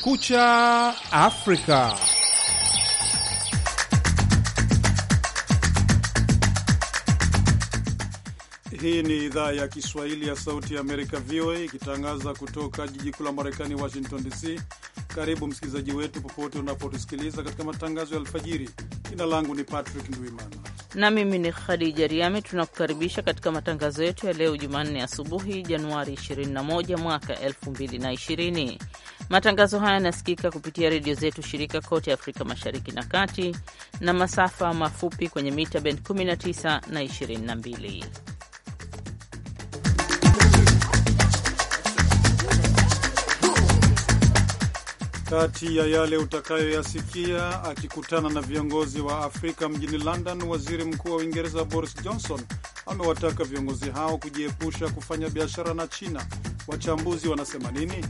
Kucha Afrika. Hii ni idhaa ya Kiswahili ya Sauti ya Amerika, VOA, ikitangaza kutoka jiji kuu la Marekani, Washington DC. Karibu msikilizaji wetu popote unapotusikiliza katika matangazo ya alfajiri. Jina langu ni Patrick Ndwimana na mimi ni Khadija Riami. Tunakukaribisha katika matangazo yetu ya leo Jumanne asubuhi, Januari 21 mwaka 2020. Matangazo haya yanasikika kupitia redio zetu shirika kote Afrika Mashariki na Kati na masafa mafupi kwenye mita bend 19 na 22. Kati ya yale utakayoyasikia: akikutana na viongozi wa Afrika mjini London, waziri mkuu wa Uingereza Boris Johnson amewataka viongozi hao kujiepusha kufanya biashara na China. Wachambuzi wanasema nini?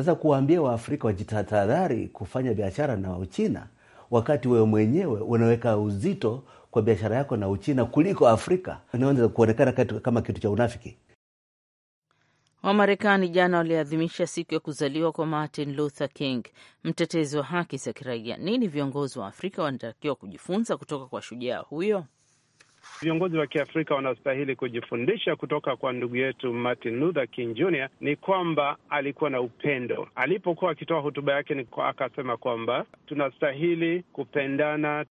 Sasa kuwaambia Waafrika wajitahadhari kufanya biashara na uchina wakati wewe mwenyewe unaweka uzito kwa biashara yako na Uchina kuliko Afrika, inaanza kuonekana kama kitu cha unafiki. Wamarekani jana waliadhimisha siku ya kuzaliwa kwa Martin Luther King, mtetezi wa haki za kiraia. Nini viongozi wa Afrika wanatakiwa kujifunza kutoka kwa shujaa huyo? Viongozi wa Kiafrika wanastahili kujifundisha kutoka kwa ndugu yetu Martin Luther King Jr. ni kwamba alikuwa na upendo. Alipokuwa akitoa hotuba yake ni kwa, akasema kwamba tunastahili kupendana.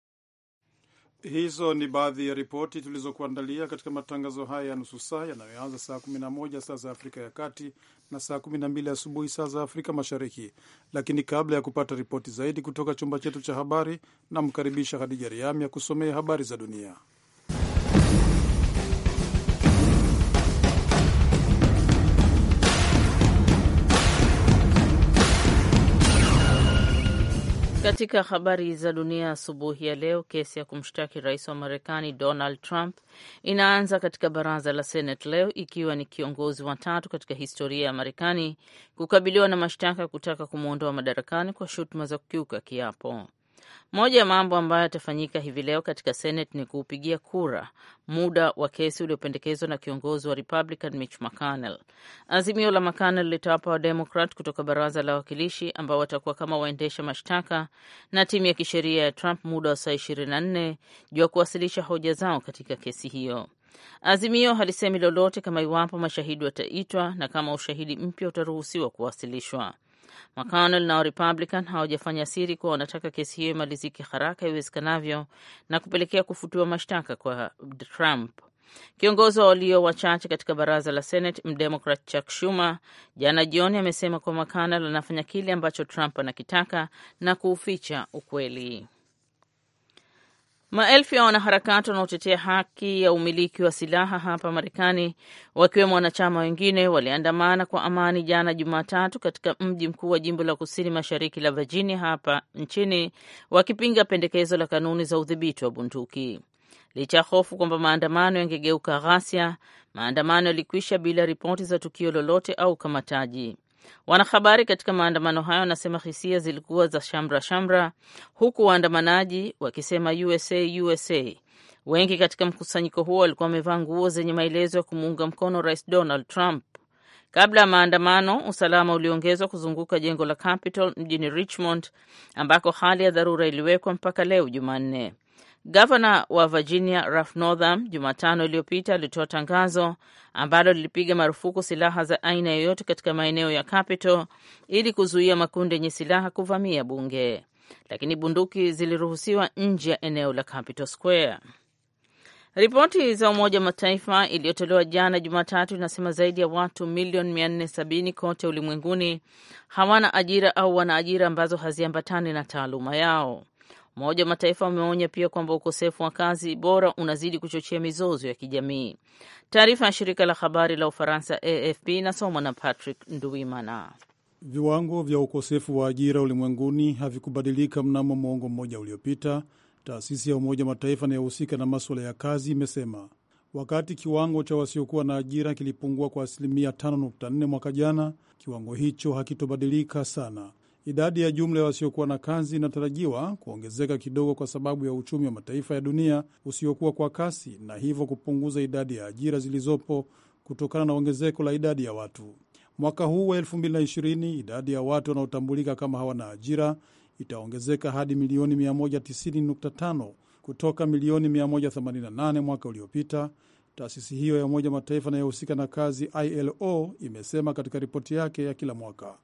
Hizo ni baadhi ya ripoti tulizokuandalia katika matangazo haya ya nusu saa yanayoanza saa 11 saa za Afrika ya Kati na saa 12 asubuhi saa za Afrika Mashariki. Lakini kabla ya kupata ripoti zaidi kutoka chumba chetu cha habari, namkaribisha Hadija Riami ya kusomea habari za dunia. Katika habari za dunia asubuhi ya leo, kesi ya kumshtaki rais wa Marekani Donald Trump inaanza katika baraza la Senate leo, ikiwa ni kiongozi wa tatu katika historia ya Marekani kukabiliwa na mashtaka ya kutaka kumwondoa madarakani kwa shutuma za kukiuka kiapo. Moja ya mambo ambayo yatafanyika hivi leo katika Senate ni kuupigia kura muda wa kesi uliopendekezwa na kiongozi wa Republican Mitch McConnell. Azimio la McConnell litawapa Wademokrat kutoka baraza la wawakilishi ambao watakuwa kama waendesha mashtaka na timu ya kisheria ya Trump muda wa saa 24 juu ya kuwasilisha hoja zao katika kesi hiyo. Azimio halisemi lolote kama iwapo mashahidi wataitwa na kama ushahidi mpya utaruhusiwa kuwasilishwa. McConnell na Warepublican hawajafanya siri kuwa wanataka kesi hiyo imalizike haraka iwezekanavyo na kupelekea kufutiwa mashtaka kwa Trump. Kiongozi wa walio wachache katika baraza la Senate mdemokrat Chuck Schumer jana jioni amesema kuwa McConnell anafanya kile ambacho Trump anakitaka na kuuficha ukweli. Maelfu ya wanaharakati wanaotetea haki ya umiliki wa silaha hapa Marekani, wakiwemo wanachama wengine, waliandamana kwa amani jana Jumatatu katika mji mkuu wa jimbo la kusini mashariki la Virginia hapa nchini, wakipinga pendekezo la kanuni za udhibiti wa bunduki. Licha ya hofu kwamba maandamano yangegeuka ghasia, maandamano yalikwisha bila ripoti za tukio lolote au ukamataji. Wanahabari katika maandamano hayo wanasema hisia zilikuwa za shamra shamra, huku waandamanaji wakisema USA USA. Wengi katika mkusanyiko huo walikuwa wamevaa nguo zenye maelezo ya kumuunga mkono Rais Donald Trump. Kabla ya maandamano, usalama uliongezwa kuzunguka jengo la Capitol mjini Richmond, ambako hali ya dharura iliwekwa mpaka leo Jumanne. Gavana wa Virginia Ralph Northam Jumatano iliyopita alitoa tangazo ambalo lilipiga marufuku silaha za aina yoyote katika maeneo ya Capitol ili kuzuia makundi yenye silaha kuvamia bunge, lakini bunduki ziliruhusiwa nje ya eneo la Capitol Square. Ripoti za Umoja wa Mataifa iliyotolewa jana Jumatatu inasema zaidi ya watu milioni 470 kote ulimwenguni hawana ajira au wana ajira ambazo haziambatani na taaluma yao. Umoja wa Mataifa umeonya pia kwamba ukosefu wa kazi bora unazidi kuchochea mizozo ya kijamii. Taarifa ya shirika la habari la Ufaransa AFP inasomwa na Patrick nduimana Viwango vya ukosefu wa ajira ulimwenguni havikubadilika mnamo mwongo mmoja uliopita, taasisi ya Umoja wa Mataifa inayohusika na maswala ya kazi imesema, wakati kiwango cha wasiokuwa na ajira kilipungua kwa asilimia 5.4 mwaka jana, kiwango hicho hakitobadilika sana idadi ya jumla ya wasiokuwa na kazi inatarajiwa kuongezeka kidogo kwa sababu ya uchumi wa mataifa ya dunia usiokuwa kwa kasi na hivyo kupunguza idadi ya ajira zilizopo kutokana na ongezeko la idadi ya watu. Mwaka huu wa 2020 idadi ya watu wanaotambulika kama hawana ajira itaongezeka hadi milioni 190.5 kutoka milioni 188 mwaka uliopita. Taasisi hiyo ya Umoja Mataifa inayohusika na kazi ILO imesema katika ripoti yake ya kila mwaka.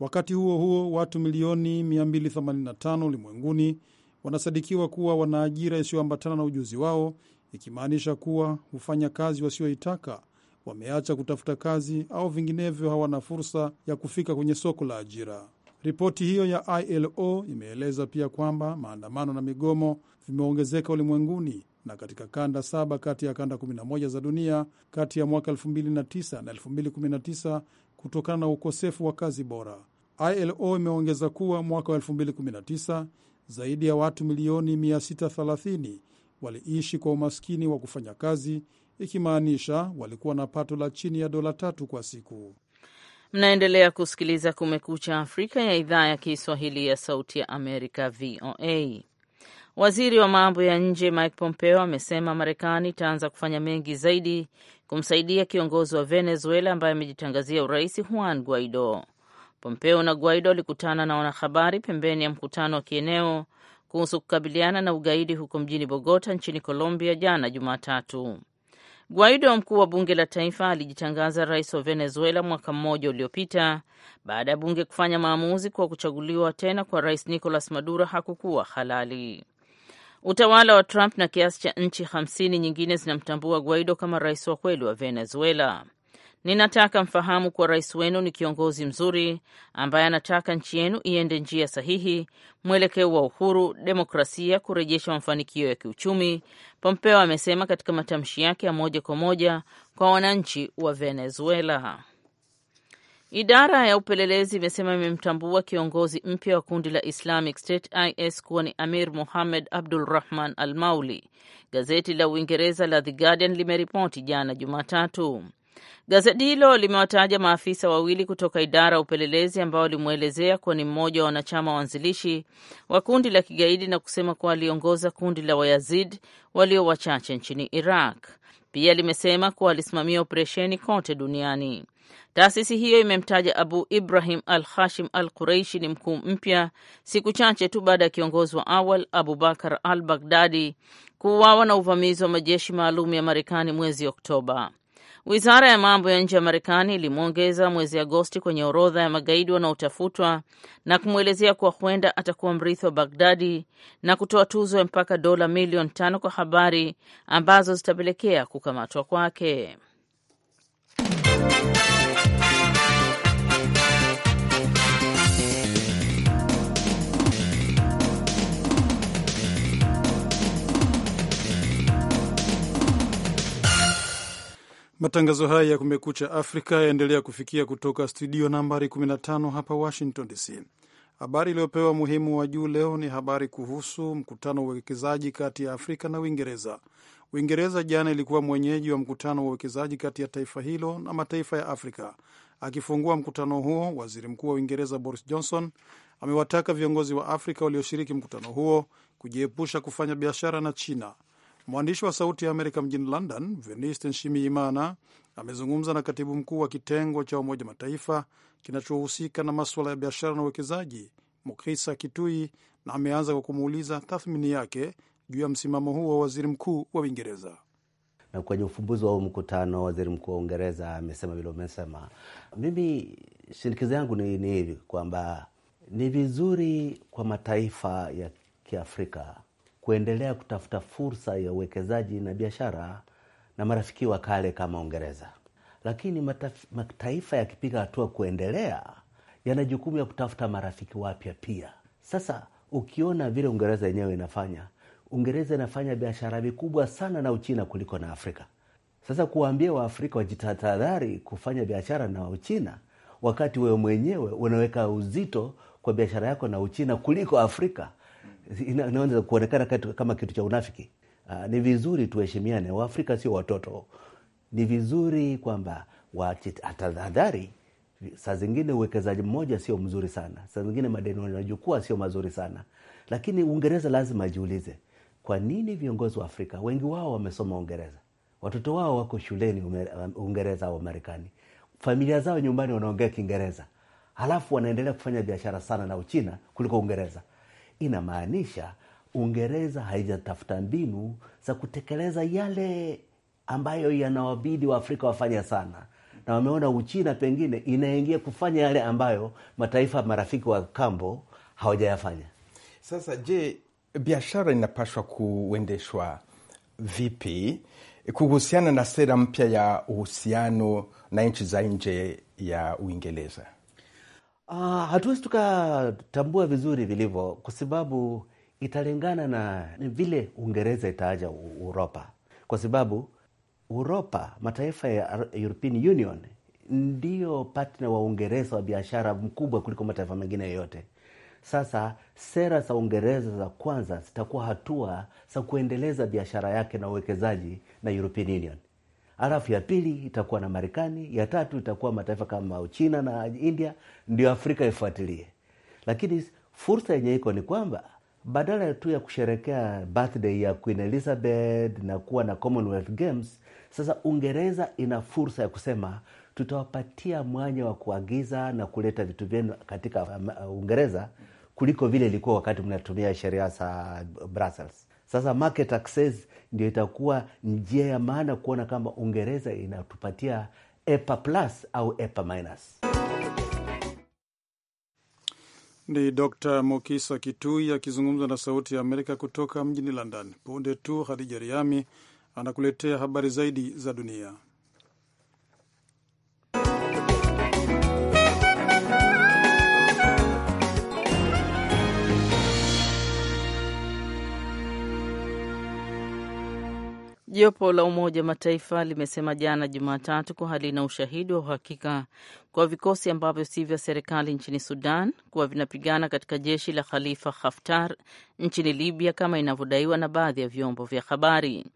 Wakati huo huo, watu milioni 285 ulimwenguni wanasadikiwa kuwa wana ajira isiyoambatana na ujuzi wao, ikimaanisha kuwa hufanya kazi wasioitaka, wameacha kutafuta kazi au vinginevyo hawana fursa ya kufika kwenye soko la ajira. Ripoti hiyo ya ILO imeeleza pia kwamba maandamano na migomo vimeongezeka ulimwenguni na katika kanda saba kati ya kanda 11 za dunia kati ya mwaka 2009 na kutokana na ukosefu wa kazi bora. ILO imeongeza kuwa mwaka wa 2019 zaidi ya watu milioni 630 waliishi kwa umaskini wa kufanya kazi, ikimaanisha walikuwa na pato la chini ya dola tatu kwa siku. Mnaendelea kusikiliza Kumekucha Afrika ya idhaa ya Kiswahili ya Sauti ya Amerika, VOA. Waziri wa mambo ya nje Mike Pompeo amesema Marekani itaanza kufanya mengi zaidi kumsaidia kiongozi wa Venezuela ambaye amejitangazia urais Juan Guaido. Pompeo na Guaido walikutana na wanahabari pembeni ya mkutano wa kieneo kuhusu kukabiliana na ugaidi huko mjini Bogota nchini Colombia jana Jumatatu. Guaido, mkuu wa bunge la taifa, alijitangaza rais wa Venezuela mwaka mmoja uliopita baada ya bunge kufanya maamuzi kuwa kuchaguliwa tena kwa rais Nicolas Maduro hakukuwa halali. Utawala wa Trump na kiasi cha nchi hamsini nyingine zinamtambua Guaido kama rais wa kweli wa Venezuela. Ninataka mfahamu kuwa rais wenu ni kiongozi mzuri ambaye anataka nchi yenu iende njia sahihi, mwelekeo wa uhuru, demokrasia, kurejesha mafanikio ya kiuchumi, Pompeo amesema katika matamshi yake ya moja kwa moja kwa wananchi wa Venezuela. Idara ya upelelezi imesema imemtambua kiongozi mpya wa kundi la Islamic State IS kuwa ni Amir muhamed Abdul Rahman Al Mauli. Gazeti la Uingereza la The Guardian limeripoti jana Jumatatu. Gazeti hilo limewataja maafisa wawili kutoka idara ya upelelezi ambao walimwelezea kuwa ni mmoja wa wanachama waanzilishi wa kundi la kigaidi na kusema kuwa aliongoza kundi la Wayazid walio wachache nchini Iraq pia limesema kuwa alisimamia operesheni kote duniani. Taasisi hiyo imemtaja Abu Ibrahim al Hashim al quraishi ni mkuu mpya siku chache tu baada ya kiongozi wa awal abubakar al Baghdadi kuuawa na uvamizi wa majeshi maalum ya Marekani mwezi Oktoba. Wizara ya mambo ya nje ya Marekani ilimwongeza mwezi Agosti kwenye orodha ya magaidi wanaotafutwa na kumwelezea kuwa huenda atakuwa mrithi wa Bagdadi na kutoa tuzo ya mpaka dola milioni tano kwa habari ambazo zitapelekea kukamatwa kwake. Matangazo haya ya Kumekucha Afrika yaendelea kufikia kutoka studio nambari 15 hapa Washington DC. Habari iliyopewa muhimu wa juu leo ni habari kuhusu mkutano wa uwekezaji kati ya Afrika na Uingereza. Uingereza jana ilikuwa mwenyeji wa mkutano wa uwekezaji kati ya taifa hilo na mataifa ya Afrika. Akifungua mkutano huo, waziri mkuu wa Uingereza Boris Johnson amewataka viongozi wa Afrika walioshiriki mkutano huo kujiepusha kufanya biashara na China. Mwandishi wa Sauti ya Amerika mjini London, Veniste Nshimiimana amezungumza na katibu mkuu wa kitengo cha Umoja Mataifa kinachohusika na maswala ya biashara na uwekezaji Mukisa Kitui, na ameanza kwa kumuuliza tathmini yake juu ya msimamo huo wa waziri mkuu wa Uingereza. Na kwenye ufumbuzi wa huu mkutano, waziri mkuu wa Uingereza amesema vile umesema. Mimi shinikizo yangu ni hivi kwamba ni vizuri kwa mataifa ya Kiafrika kuendelea kutafuta fursa ya uwekezaji na biashara na marafiki wa kale kama Uingereza. Lakini mataf, mataifa yakipiga hatua kuendelea, yana jukumu ya kutafuta marafiki wapya pia. Sasa ukiona vile Uingereza yenyewe inafanya, Uingereza inafanya biashara vikubwa sana na Uchina kuliko na Afrika. Sasa kuwaambia Waafrika wajitahadhari kufanya biashara na Uchina wakati wewe mwenyewe unaweka uzito kwa biashara yako na Uchina kuliko Afrika inaanza kuonekana kama kitu cha unafiki. Aa, ah, ni vizuri tuheshimiane. Waafrika sio watoto. Ni vizuri kwamba watahadhari saa zingine uwekezaji mmoja sio mzuri sana, saa zingine madeni wanajukua sio mazuri sana, lakini Uingereza lazima ajiulize, kwa nini viongozi wa Afrika wengi wao wamesoma Uingereza, watoto wao wako shuleni Uingereza au Marekani, familia zao nyumbani wanaongea Kiingereza, halafu wanaendelea kufanya biashara sana na Uchina kuliko Uingereza inamaanisha Uingereza haijatafuta mbinu za kutekeleza yale ambayo yanawabidi Waafrika wafanya sana, na wameona Uchina pengine inaingia kufanya yale ambayo mataifa marafiki wa kambo hawajayafanya. Sasa je, biashara inapashwa kuendeshwa vipi kuhusiana na sera mpya ya uhusiano na nchi za nje ya Uingereza? Uh, hatuwezi tukatambua vizuri vilivyo kwa sababu italingana na vile Uingereza itaaja Uropa, kwa sababu Uropa, mataifa ya European Union ndio partner wa Uingereza wa biashara mkubwa kuliko mataifa mengine yoyote. Sasa sera za Uingereza za kwanza zitakuwa hatua za kuendeleza biashara yake na uwekezaji na European Union alafu ya pili itakuwa na Marekani, ya tatu itakuwa mataifa kama china na India, ndio Afrika ifuatilie. Lakini fursa yenye iko ni kwamba badala tu ya kusherekea birthday ya Queen Elizabeth na kuwa na Commonwealth Games, sasa Uingereza ina fursa ya kusema tutawapatia mwanya wa kuagiza na kuleta vitu vyenu katika um, Uingereza kuliko vile ilikuwa wakati mnatumia sheria za Brussels. Sasa market access ndio itakuwa njia ya maana kuona kama Uingereza inatupatia EPA plus au EPA minus. Ni Dr Mokisa Kitui akizungumza na Sauti ya Amerika kutoka mjini London. Punde tu Hadija Riami anakuletea habari zaidi za dunia. Jopo la Umoja wa Mataifa limesema jana Jumatatu kuwa halina ushahidi wa uhakika kwa vikosi ambavyo si vya serikali nchini Sudan kuwa vinapigana katika jeshi la Khalifa Haftar nchini Libya kama inavyodaiwa na baadhi ya vyombo vya habari.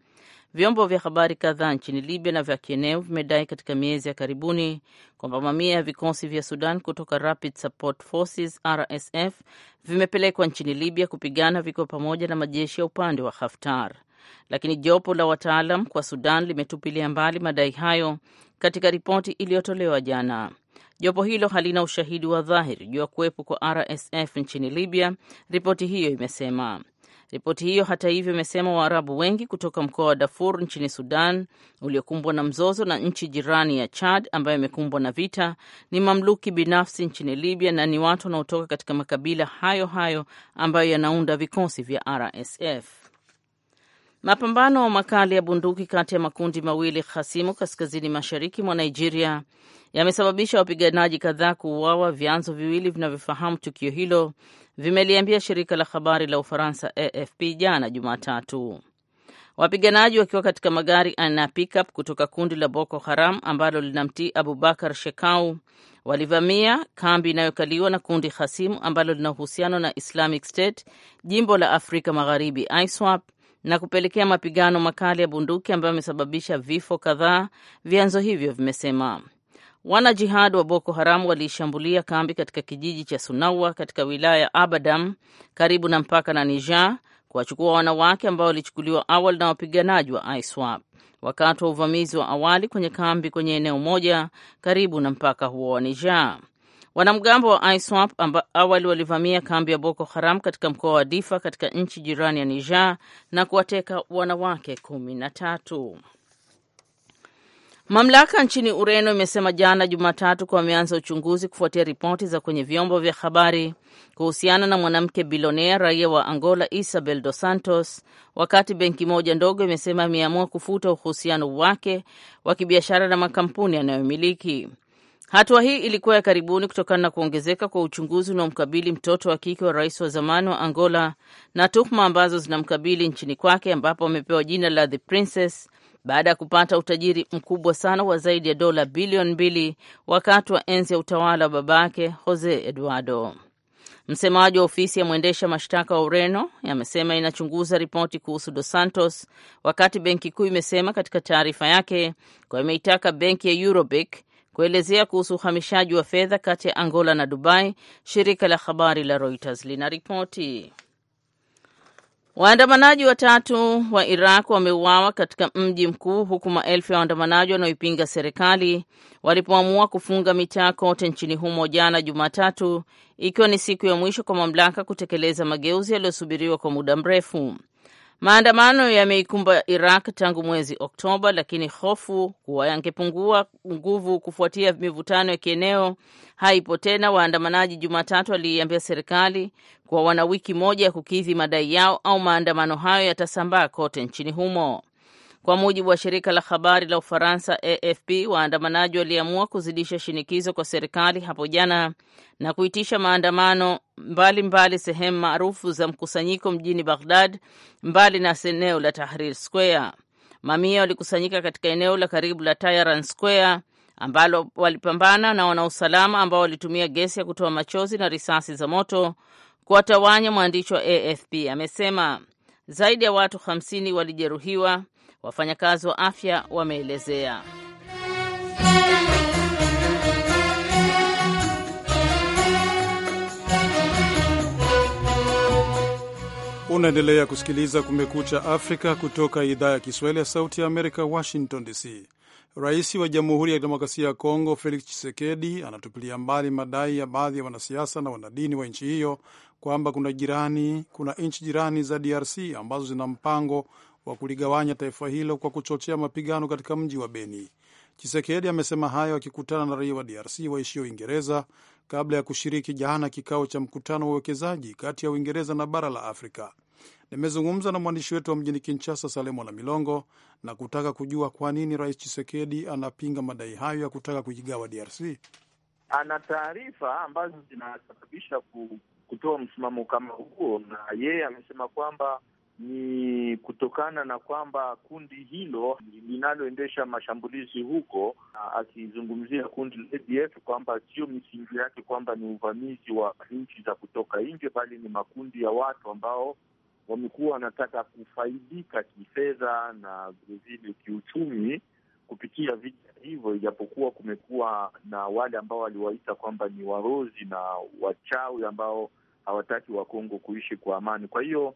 Vyombo vya habari kadhaa nchini Libya na vya kieneo vimedai katika miezi ya karibuni kwamba mamia ya vikosi vya Sudan kutoka Rapid Support Forces RSF vimepelekwa nchini Libya kupigana, vikiwa pamoja na majeshi ya upande wa Haftar lakini jopo la wataalam kwa Sudan limetupilia mbali madai hayo katika ripoti iliyotolewa jana. Jopo hilo halina ushahidi wa dhahiri juu ya kuwepo kwa RSF nchini Libya, ripoti hiyo imesema. Ripoti hiyo hata hivyo imesema Waarabu wengi kutoka mkoa wa Darfur nchini Sudan uliokumbwa na mzozo na nchi jirani ya Chad ambayo imekumbwa na vita ni mamluki binafsi nchini Libya na ni watu wanaotoka katika makabila hayo hayo ambayo yanaunda vikosi vya RSF. Mapambano makali ya bunduki kati ya makundi mawili hasimu kaskazini mashariki mwa Nigeria yamesababisha wapiganaji kadhaa kuuawa. Vyanzo viwili vinavyofahamu tukio hilo vimeliambia shirika la habari la Ufaransa AFP jana Jumatatu. Wapiganaji wakiwa katika magari aina ya pickup kutoka kundi la Boko Haram ambalo linamtii Abubakar Shekau walivamia kambi inayokaliwa na kundi hasimu ambalo lina uhusiano na Islamic State jimbo la Afrika Magharibi ISWAP na kupelekea mapigano makali ya bunduki ambayo yamesababisha vifo kadhaa, vyanzo hivyo vimesema. Wanajihad wa Boko Haram waliishambulia kambi katika kijiji cha Sunawa katika wilaya ya Abadam karibu na mpaka na Niger kuwachukua wanawake ambao walichukuliwa awali na wapiganaji wa ISWAP wakati wa uvamizi wa awali kwenye kambi kwenye eneo moja karibu na mpaka huo wa Niger. Wanamgambo wa ISWAP amba awali walivamia kambi ya Boko Haram katika mkoa wa Difa katika nchi jirani ya Niger na kuwateka wanawake kumi na tatu. Mamlaka nchini Ureno imesema jana Jumatatu kuwa wameanza uchunguzi kufuatia ripoti za kwenye vyombo vya habari kuhusiana na mwanamke bilionea raia wa Angola Isabel Dos Santos, wakati benki moja ndogo imesema imeamua kufuta uhusiano wake wa kibiashara na makampuni yanayomiliki Hatua hii ilikuwa ya karibuni kutokana na kuongezeka kwa uchunguzi unaomkabili mtoto wa kike wa rais wa zamani wa Angola na tuhuma ambazo zinamkabili nchini kwake, ambapo amepewa jina la The Princess baada ya kupata utajiri mkubwa sana wa zaidi ya dola bilioni mbili wakati wa enzi ya utawala wa baba yake Jose Eduardo. Msemaji wa ofisi ya mwendesha mashtaka wa Ureno amesema inachunguza ripoti kuhusu Dos Santos, wakati benki kuu imesema katika taarifa yake kwa imeitaka benki ya Eurobank kuelezea kuhusu uhamishaji wa fedha kati ya Angola na Dubai. Shirika la habari la Reuters linaripoti waandamanaji watatu wa Iraq wameuawa katika mji mkuu, huku maelfu ya waandamanaji wanaoipinga serikali walipoamua kufunga mitaa kote nchini humo jana Jumatatu, ikiwa ni siku ya mwisho kwa mamlaka kutekeleza mageuzi yaliyosubiriwa kwa muda mrefu. Maandamano yameikumba Iraq tangu mwezi Oktoba, lakini hofu kuwa yangepungua nguvu kufuatia mivutano ya kieneo haipo tena. Waandamanaji Jumatatu waliiambia serikali kuwa wana wiki moja ya kukidhi madai yao au maandamano hayo yatasambaa kote nchini humo. Kwa mujibu wa shirika la habari la Ufaransa AFP, waandamanaji waliamua kuzidisha shinikizo kwa serikali hapo jana na kuitisha maandamano mbalimbali sehemu maarufu za mkusanyiko mjini Baghdad, mbali na eneo la Tahrir Square. Mamia walikusanyika katika eneo la karibu la tyran Square ambalo walipambana na wanausalama ambao walitumia gesi ya kutoa machozi na risasi za moto kuwatawanya. Mwandishi wa AFP amesema zaidi ya watu 50 walijeruhiwa wafanyakazi wa afya wameelezea. Unaendelea kusikiliza Kumekucha Afrika kutoka idhaa ya Kiswahili ya Sauti ya Amerika, Washington DC. Rais wa Jamhuri ya Kidemokrasia ya Kongo Felix Tshisekedi anatupilia mbali madai ya baadhi ya wanasiasa na wanadini wa nchi hiyo kwamba kuna jirani, kuna nchi jirani za DRC ambazo zina mpango wa kuligawanya taifa hilo kwa kuchochea mapigano katika mji wa Beni. Chisekedi amesema hayo akikutana na raia wa DRC waishio Uingereza kabla ya kushiriki jana kikao cha mkutano wa uwekezaji kati ya Uingereza na bara la Afrika. Nimezungumza na mwandishi wetu wa mjini Kinshasa, Salemo na Milongo, na kutaka kujua kwa nini Rais Chisekedi anapinga madai hayo ya kutaka kujigawa DRC. Ana taarifa ambazo zinasababisha kutoa msimamo kama huo, na yeye amesema kwamba ni kutokana na kwamba kundi hilo linaloendesha mashambulizi huko, akizungumzia kundi la ADF kwamba sio misingi yake kwamba ni uvamizi wa nchi za kutoka nje, bali ni makundi ya watu ambao wamekuwa wanataka kufaidika kifedha na vilevile kiuchumi kupitia vita hivyo, ijapokuwa kumekuwa na wale ambao waliwaita kwamba ni warozi na wachawi ambao hawataki Wakongo kuishi kwa amani. Kwa hiyo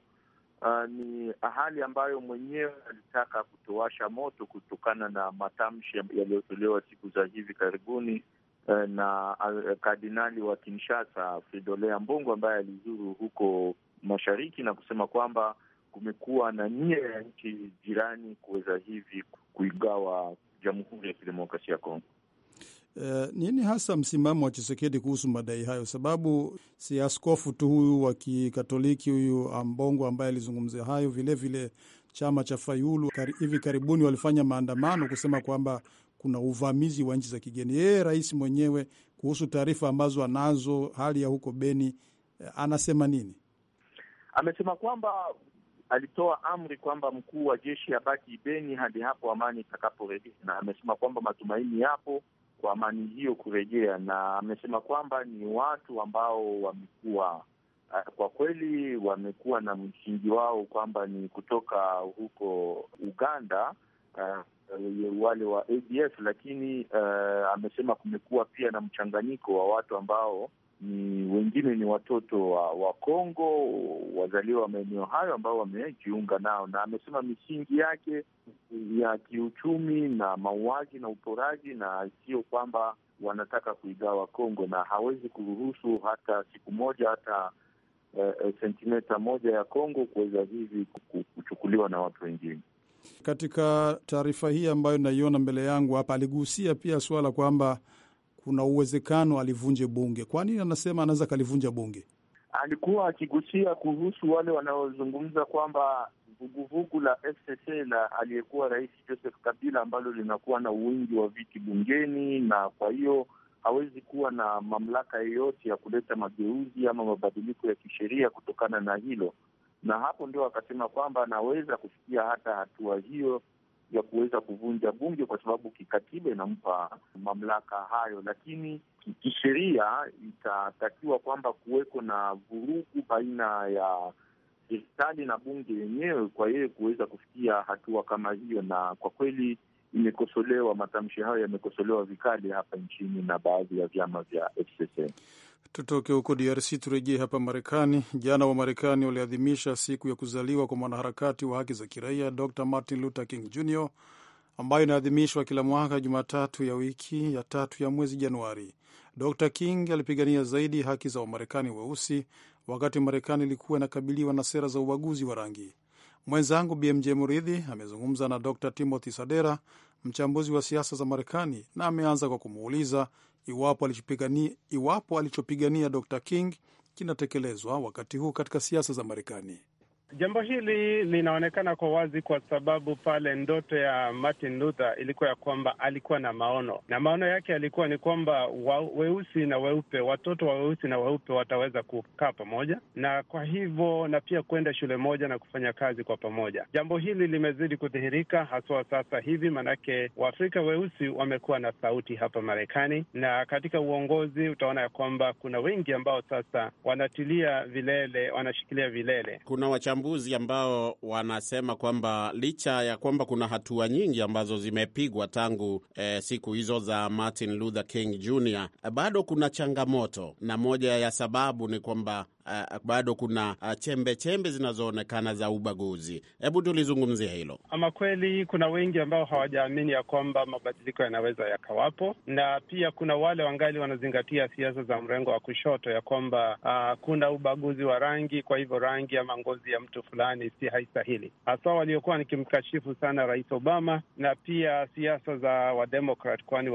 uh, ni hali ambayo mwenyewe alitaka kutowasha moto kutokana na matamshi yaliyotolewa siku za hivi karibuni uh, na uh, kardinali wa Kinshasa Fridolin Ambongo ambaye alizuru huko mashariki na kusema kwamba kumekuwa na nia ya nchi jirani kuweza hivi kuigawa Jamhuri ya Kidemokrasia ya Kongo. Eh, nini hasa msimamo wa Chisekedi kuhusu madai hayo? Sababu si askofu tu huyu wa Kikatoliki huyu Ambongo ambaye alizungumza hayo, vilevile vile chama cha Fayulu kari, hivi karibuni walifanya maandamano kusema kwamba kuna uvamizi wa nchi za kigeni. Yeye rais mwenyewe kuhusu taarifa ambazo anazo, hali ya huko Beni, eh, anasema nini? Amesema kwamba alitoa amri kwamba mkuu wa jeshi abaki Beni hadi hapo amani itakaporejea, na amesema kwamba matumaini yapo kwa amani hiyo kurejea, na amesema kwamba ni watu ambao wamekuwa eh, kwa kweli wamekuwa na msingi wao kwamba ni kutoka huko Uganda uh, wale wa ADF, lakini uh, amesema kumekuwa pia na mchanganyiko wa watu ambao ni wengine ni watoto wa kongo wazaliwa maeneo hayo ambao wamejiunga nao, na amesema misingi yake ya kiuchumi na mauaji na uporaji, na sio kwamba wanataka kuigawa Kongo na hawezi kuruhusu hata siku moja hata eh, eh sentimeta moja ya Kongo kuweza hivi kuchukuliwa na watu wengine. Katika taarifa hii ambayo naiona mbele yangu hapa, aligusia pia suala kwamba kuna uwezekano alivunje bunge. Kwa nini anasema anaweza akalivunja bunge? Alikuwa akigusia kuhusu wale wanaozungumza kwamba vuguvugu la FCC la aliyekuwa rais Joseph Kabila ambalo linakuwa na uwingi wa viti bungeni, na kwa hiyo hawezi kuwa na mamlaka yoyote ya kuleta mageuzi ama mabadiliko ya kisheria kutokana na hilo, na hapo ndio akasema kwamba anaweza kufikia hata hatua hiyo ya kuweza kuvunja bunge, kwa sababu kikatiba inampa mamlaka hayo, lakini kisheria itatakiwa kwamba kuweko na vurugu baina ya serikali na bunge yenyewe kwa yeye kuweza kufikia hatua kama hiyo, na kwa kweli imekosolewa, matamshi hayo yamekosolewa vikali hapa nchini na baadhi ya vyama vya FCC. Tutoke huko DRC turejee hapa Marekani. Jana wa Marekani waliadhimisha siku ya kuzaliwa kwa mwanaharakati wa haki za kiraia Dr Martin Luther King Jr ambayo inaadhimishwa kila mwaka Jumatatu ya wiki ya tatu ya mwezi Januari. Dr King alipigania zaidi haki za Wamarekani weusi wakati Marekani ilikuwa inakabiliwa na sera za ubaguzi wa rangi. Mwenzangu BMJ Muridhi amezungumza na Dr Timothy Sadera, mchambuzi wa siasa za Marekani, na ameanza kwa kumuuliza iwapo alichopigania, iwapo alichopigania Dr King kinatekelezwa wakati huu katika siasa za Marekani. Jambo hili linaonekana kwa wazi kwa sababu pale ndoto ya Martin Luther ilikuwa ya kwamba alikuwa na maono, na maono yake yalikuwa ni kwamba weusi na weupe, watoto wa weusi na weupe wataweza kukaa pamoja, na kwa hivyo na pia kwenda shule moja na kufanya kazi kwa pamoja. Jambo hili limezidi kudhihirika haswa sasa hivi, maanake Waafrika weusi wamekuwa na sauti hapa Marekani, na katika uongozi utaona ya kwamba kuna wengi ambao sasa wanatilia vilele, wanashikilia vilele. Kuna wachambuzi ambao wanasema kwamba licha ya kwamba kuna hatua nyingi ambazo zimepigwa tangu eh, siku hizo za Martin Luther King Jr, bado kuna changamoto, na moja ya sababu ni kwamba uh, bado kuna uh, chembe chembe zinazoonekana za ubaguzi. Hebu tulizungumzia hilo. Ama kweli kuna wengi ambao hawajaamini ya kwamba mabadiliko yanaweza yakawapo, na pia kuna wale wangali wanazingatia siasa za mrengo wa kushoto ya kwamba uh, kuna ubaguzi wa rangi, kwa hivyo rangi ama ngozi ya mtu fulani si haistahili, haswa waliokuwa nikimkashifu sana Rais Obama na pia siasa za Wademokrat, kwani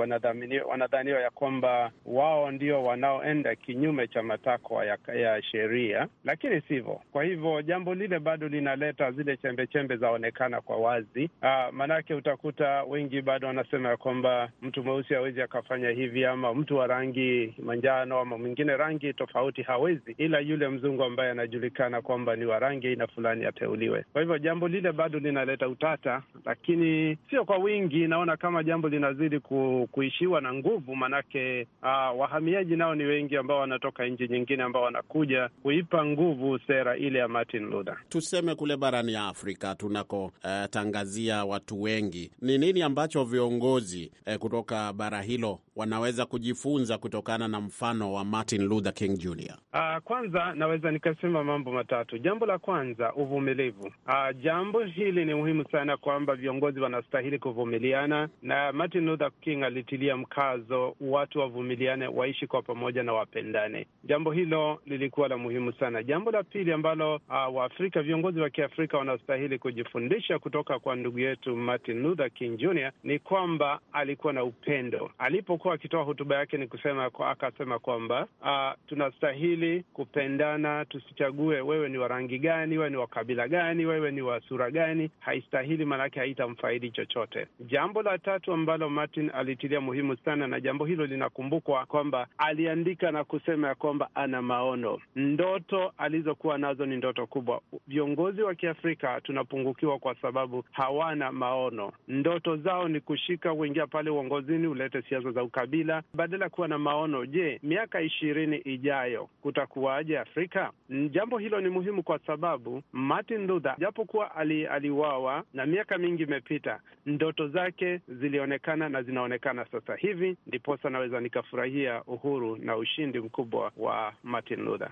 wanadhaniwa ya kwamba wao ndio wanaoenda kinyume cha matakwa ya, ya sheria, lakini sivyo. Kwa hivyo jambo lile bado linaleta zile chembe chembe zaonekana kwa wazi. Aa, ah, manake utakuta wengi bado wanasema ya kwamba mtu mweusi hawezi akafanya hivi, ama mtu wa rangi manjano ama mwingine rangi tofauti hawezi, ila yule mzungu ambaye anajulikana kwamba ni wa rangi aina fulani ateuliwe. Kwa hivyo jambo lile bado linaleta utata, lakini sio kwa wingi. Naona kama jambo linazidi ku, kuishiwa na nguvu, manake aa, ah, wahamiaji nao ni wengi ambao wanatoka nchi nyingine ambao wanakuja kuipa nguvu sera ile ya Martin Luther. Tuseme kule barani ya Afrika tunakotangazia uh, watu wengi, ni nini ambacho viongozi uh, kutoka bara hilo wanaweza kujifunza kutokana na mfano wa Martin Luther King Jr. Uh, ah, kwanza naweza nikasema mambo matatu. Jambo la kwanza, uvumilivu. Uh, jambo hili ni muhimu sana kwamba viongozi wanastahili kuvumiliana, na Martin Luther King alitilia mkazo watu wavumiliane, waishi kwa pamoja na wapendane. Jambo hilo lilikuwa la muhimu sana. Jambo la pili ambalo uh, Waafrika, viongozi wa Kiafrika wanastahili kujifundisha kutoka kwa ndugu yetu Martin Luther King Jr. ni kwamba alikuwa na upendo alipokuwa akitoa hotuba yake, ni kusema kwa, akasema kwamba uh, tunastahili kupendana, tusichague wewe ni wa rangi gani, wewe ni wa kabila gani, wewe ni wa sura gani, haistahili, maanake haitamfaidi chochote. Jambo la tatu ambalo Martin alitilia muhimu sana, na jambo hilo linakumbukwa kwamba aliandika na kusema ya kwamba ana maono ndoto alizokuwa nazo ni ndoto kubwa. Viongozi wa Kiafrika tunapungukiwa kwa sababu hawana maono. Ndoto zao ni kushika, kuingia pale uongozini, ulete siasa za ukabila badala ya kuwa na maono. Je, miaka ishirini ijayo kutakuwaje Afrika? Jambo hilo ni muhimu kwa sababu Martin Luther japokuwa ali, aliwawa na miaka mingi imepita, ndoto zake zilionekana na zinaonekana sasa hivi, ndiposa naweza nikafurahia uhuru na ushindi mkubwa wa Martin Luther.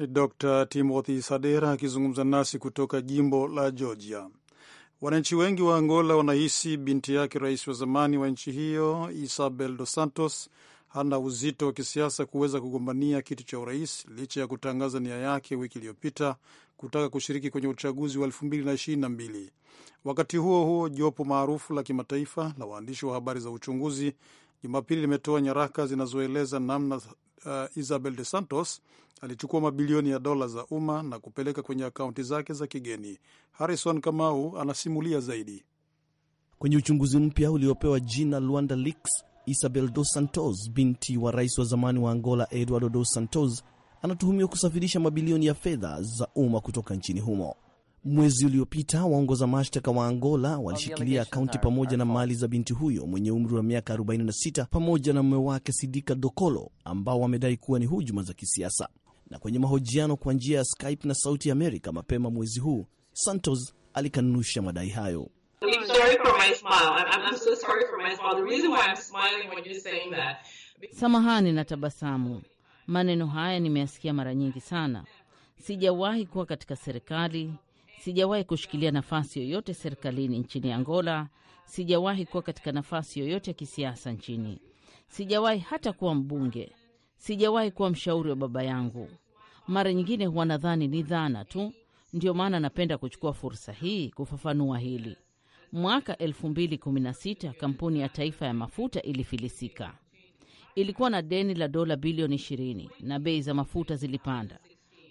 Ni Dr Timothy Sadera akizungumza nasi kutoka jimbo la Georgia. Wananchi wengi wa Angola wanahisi binti yake rais wa zamani wa nchi hiyo Isabel Dos Santos hana uzito wa kisiasa kuweza kugombania kiti cha urais licha ya kutangaza nia yake wiki iliyopita kutaka kushiriki kwenye uchaguzi wa mbili. Wakati huo huo, jopo maarufu la kimataifa la waandishi wa habari za uchunguzi Jumapili limetoa nyaraka zinazoeleza namna uh, Isabel de Santos alichukua mabilioni ya dola za umma na kupeleka kwenye akaunti zake za kigeni. Harrison Kamau anasimulia zaidi. Kwenye uchunguzi mpya uliopewa jina Luanda Leaks, Isabel dos Santos, binti wa rais wa zamani wa Angola Eduardo dos Santos, anatuhumiwa kusafirisha mabilioni ya fedha za umma kutoka nchini humo. Mwezi uliopita waongoza mashtaka wa Angola walishikilia akaunti pamoja na mali za binti huyo mwenye umri wa miaka 46 pamoja na mume wake Sidika Dokolo, ambao wamedai kuwa ni hujuma za kisiasa. Na kwenye mahojiano kwa njia ya Skype na Sauti ya Amerika mapema mwezi huu, Santos alikanusha madai hayo. Samahani na tabasamu, maneno haya nimeyasikia mara nyingi sana. Sijawahi kuwa katika serikali Sijawahi kushikilia nafasi yoyote serikalini nchini Angola. Sijawahi kuwa katika nafasi yoyote ya kisiasa nchini. Sijawahi hata kuwa mbunge. Sijawahi kuwa mshauri wa baba yangu. Mara nyingine huwa nadhani ni dhana tu. Ndiyo maana napenda kuchukua fursa hii kufafanua hili. Mwaka 2016 kampuni ya taifa ya mafuta ilifilisika. Ilikuwa na deni la dola bilioni 20 na bei za mafuta zilipanda.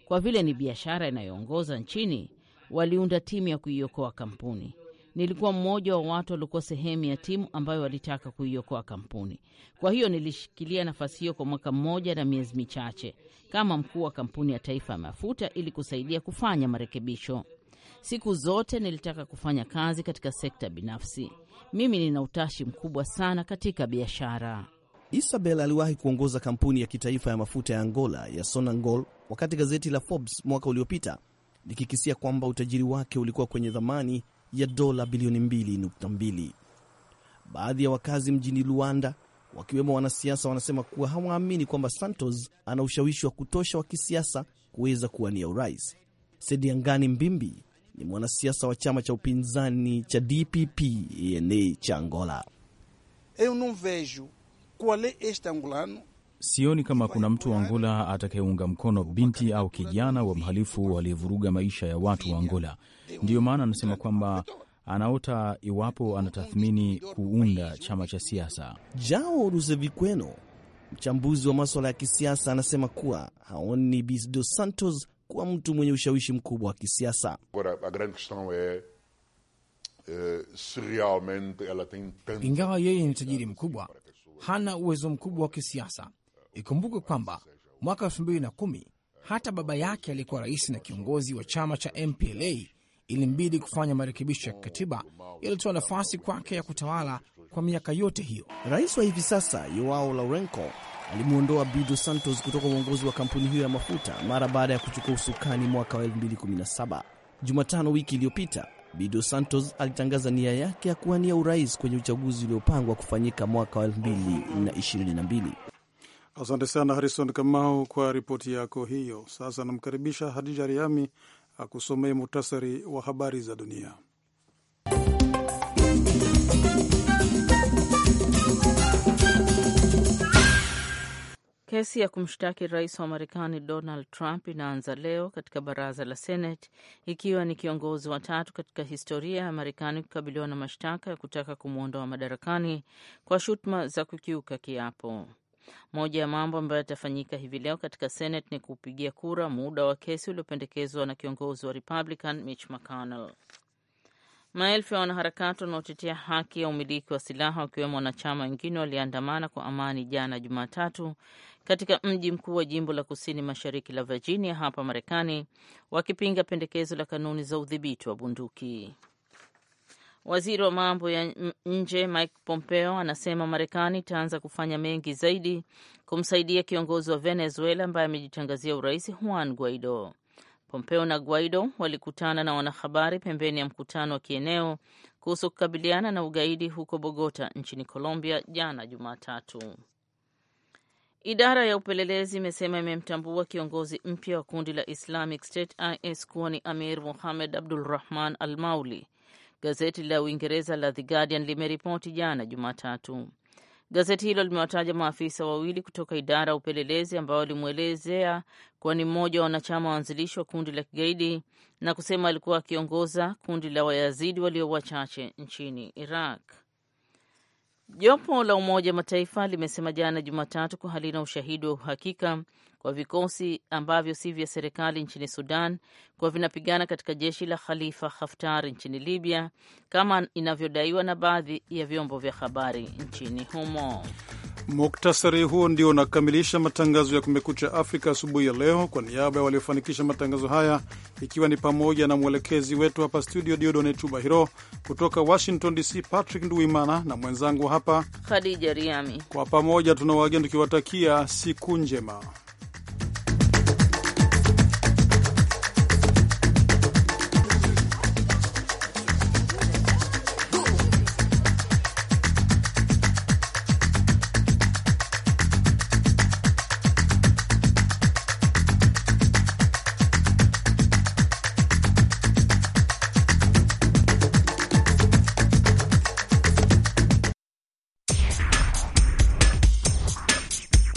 Kwa vile ni biashara inayoongoza nchini, waliunda timu ya kuiokoa kampuni. Nilikuwa mmoja wa watu waliokuwa sehemu ya timu ambayo walitaka kuiokoa kampuni. Kwa hiyo nilishikilia nafasi hiyo kwa mwaka mmoja na miezi michache kama mkuu wa kampuni ya taifa ya mafuta ili kusaidia kufanya marekebisho. Siku zote nilitaka kufanya kazi katika sekta binafsi. Mimi nina utashi mkubwa sana katika biashara. Isabel aliwahi kuongoza kampuni ya kitaifa ya mafuta ya Angola ya Sonangol, wakati gazeti la Forbes mwaka uliopita likikisia kwamba utajiri wake ulikuwa kwenye thamani ya dola bilioni 2.2. Baadhi ya wakazi mjini Luanda, wakiwemo wanasiasa, wanasema kuwa hawaamini kwamba Santos ana ushawishi wa kutosha wa kisiasa kuweza kuwania urais. Sediangani Mbimbi ni mwanasiasa wa chama cha upinzani cha DPP ene cha Angola. eu não vejo qual é este angolano Sioni kama kuna mtu wa Angola atakayeunga mkono binti au kijana wa mhalifu aliyevuruga maisha ya watu wa Angola. Ndiyo maana anasema kwamba anaota iwapo anatathmini kuunda chama cha siasa. Jao Rusevikweno, mchambuzi wa maswala ya kisiasa, anasema kuwa haoni bis Dos Santos kuwa mtu mwenye ushawishi mkubwa wa kisiasa. Eh, Ingawa yeye ni tajiri mkubwa, hana uwezo mkubwa wa kisiasa Ikumbukwe kwamba mwaka 2010 hata baba yake aliyekuwa rais na kiongozi wa chama cha MPLA ilimbidi kufanya marekebisho ya kikatiba yalitoa nafasi kwake ya kutawala kwa miaka yote hiyo. Rais wa hivi sasa Joao Lourenco alimwondoa Bido Santos kutoka uongozi wa kampuni hiyo ya mafuta mara baada ya kuchukua usukani mwaka wa 2017. Jumatano wiki iliyopita, Bido Santos alitangaza nia yake ya kuwania urais kwenye uchaguzi uliopangwa kufanyika mwaka wa 2022. Asante sana Harison Kamau kwa ripoti yako hiyo. Sasa namkaribisha Hadija Riami akusomee muhtasari wa habari za dunia. Kesi ya kumshtaki rais wa Marekani Donald Trump inaanza leo katika baraza la Senate, ikiwa ni kiongozi wa tatu katika historia ya Marekani kukabiliwa na mashtaka ya kutaka kumwondoa madarakani kwa shutuma za kukiuka kiapo. Moja ya mambo ambayo yatafanyika hivi leo katika Senate ni kupigia kura muda wa kesi uliopendekezwa na kiongozi wa Republican Mitch McConnell. Maelfu ya wanaharakati wanaotetea haki ya umiliki wa silaha wakiwemo wanachama wengine waliandamana kwa amani jana Jumatatu katika mji mkuu wa jimbo la kusini mashariki la Virginia hapa Marekani, wakipinga pendekezo la kanuni za udhibiti wa bunduki. Waziri wa mambo ya nje Mike Pompeo anasema Marekani itaanza kufanya mengi zaidi kumsaidia kiongozi wa Venezuela ambaye amejitangazia urais Juan Guaido. Pompeo na Guaido walikutana na wanahabari pembeni ya mkutano wa kieneo kuhusu kukabiliana na ugaidi huko Bogota nchini Colombia jana Jumatatu. Idara ya upelelezi imesema imemtambua kiongozi mpya wa kundi la Islamic State IS kuwa ni Amir Muhamed Abdul Rahman Al Mauli gazeti la Uingereza la The Guardian limeripoti jana Jumatatu. Gazeti hilo limewataja maafisa wawili kutoka idara ya upelelezi ambao walimwelezea kuwa ni mmoja wa wanachama waanzilishi wa kundi la kigaidi na kusema alikuwa akiongoza kundi la Wayazidi walio wachache nchini Iraq. Jopo la Umoja Mataifa limesema jana Jumatatu kuwa halina ushahidi wa uhakika kwa vikosi ambavyo si vya serikali nchini Sudan kuwa vinapigana katika jeshi la Khalifa Haftar nchini Libya kama inavyodaiwa na baadhi ya vyombo vya habari nchini humo. Muktasari huo ndio unakamilisha matangazo ya Kumekucha Afrika asubuhi ya leo. Kwa niaba ya waliofanikisha matangazo haya, ikiwa ni pamoja na mwelekezi wetu hapa studio Diodone Chubahiro, kutoka Washington DC Patrick Nduimana na mwenzangu hapa Khadija Riami, kwa pamoja tuna tukiwatakia siku njema.